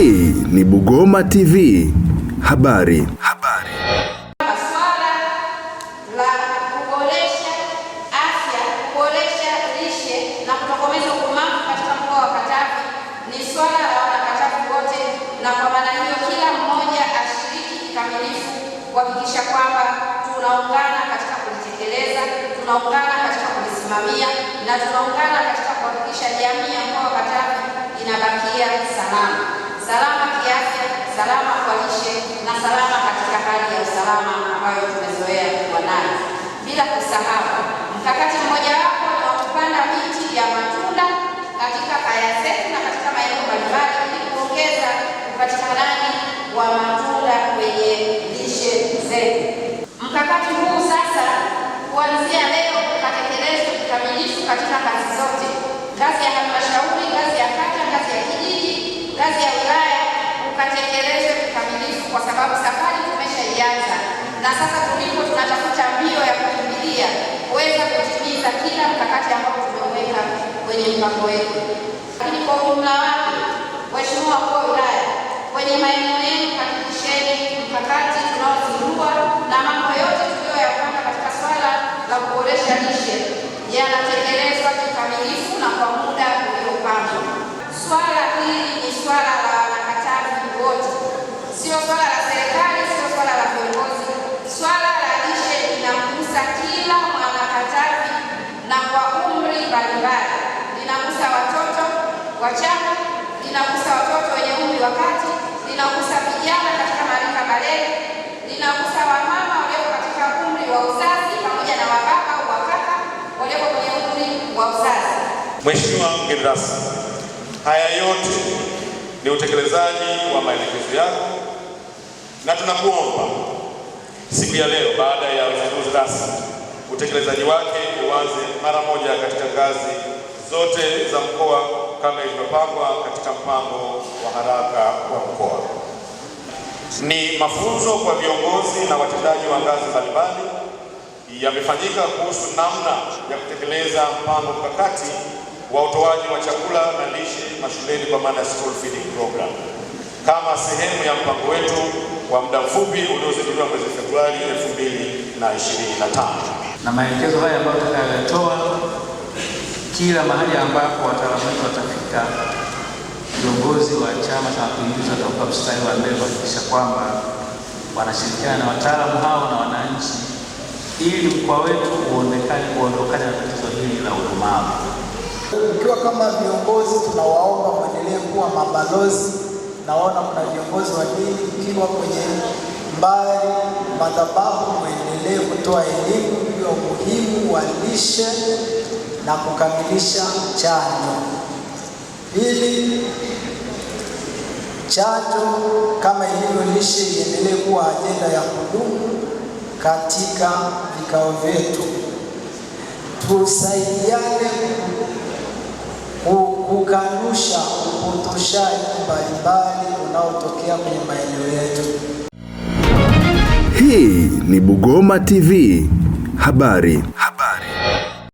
Hii ni Bugoma TV. Habari. Habari. Swala la kuboresha afya, kuboresha lishe na kutokomeza ukomavu katika mkoa wa Katavi ni swala la wanakatavi wote, na kwa maana hiyo kila mmoja ashiriki kikamilifu kuhakikisha kwamba tunaungana katika kulitekeleza, tunaungana katika kulisimamia na tunaungana katika na salama katika hali ya usalama ambayo tumezoea kuwa nayo, bila kusahau mkakati mmoja mkakati ambao tumeuweka kwenye mpango wetu, lakini kwa ujumla wachanga, linagusa watoto wenye umri wa kati, linagusa vijana katika marika malele, linagusa wamama walioko katika umri wa uzazi pamoja na wababa au wakaka walioko kwenye umri wa uzazi. Mheshimiwa mgeni rasmi, haya yote ni utekelezaji wa maelekezo yako na tunakuomba siku ya leo baada ya uzinduzi rasmi utekelezaji wake uanze mara moja katika ngazi zote za mkoa kama ilivyopangwa katika mpango wa haraka wa mkoa. Ni mafunzo kwa viongozi na watendaji wa ngazi mbalimbali yamefanyika kuhusu namna ya kutekeleza mpango mkakati wa utoaji wa chakula na lishe mashuleni kwa maana school feeding program kama sehemu ya mpango wetu wa muda mfupi uliozinduliwa mwezi Februari 2025 na maelekezo haya ambayo tutayatoa kila mahali ambapo wataalamu wetu watafika, viongozi wa Chama cha Mapinduzi watakuwa mstari wa mbele kuhakikisha kwamba wanashirikiana na wataalamu hao na wananchi, ili mkoa wetu uonekane kuondokana na tatizo hili la udumavu. Ukiwa kama viongozi, tunawaomba mwendelee kuwa mabalozi. Naona kuna viongozi wa dini, mkiwa kwenye mbali madhabahu, mwendelee kutoa elimu ya umuhimu wa lishe na kukamilisha chanjo. Pili, chanjo kama ilivyo lishe iendelee kuwa ajenda ya kudumu katika vikao vyetu. Tusaidiane kukanusha upotoshaji mbalimbali unaotokea kwenye maeneo yetu. Hii ni Bugoma TV habari.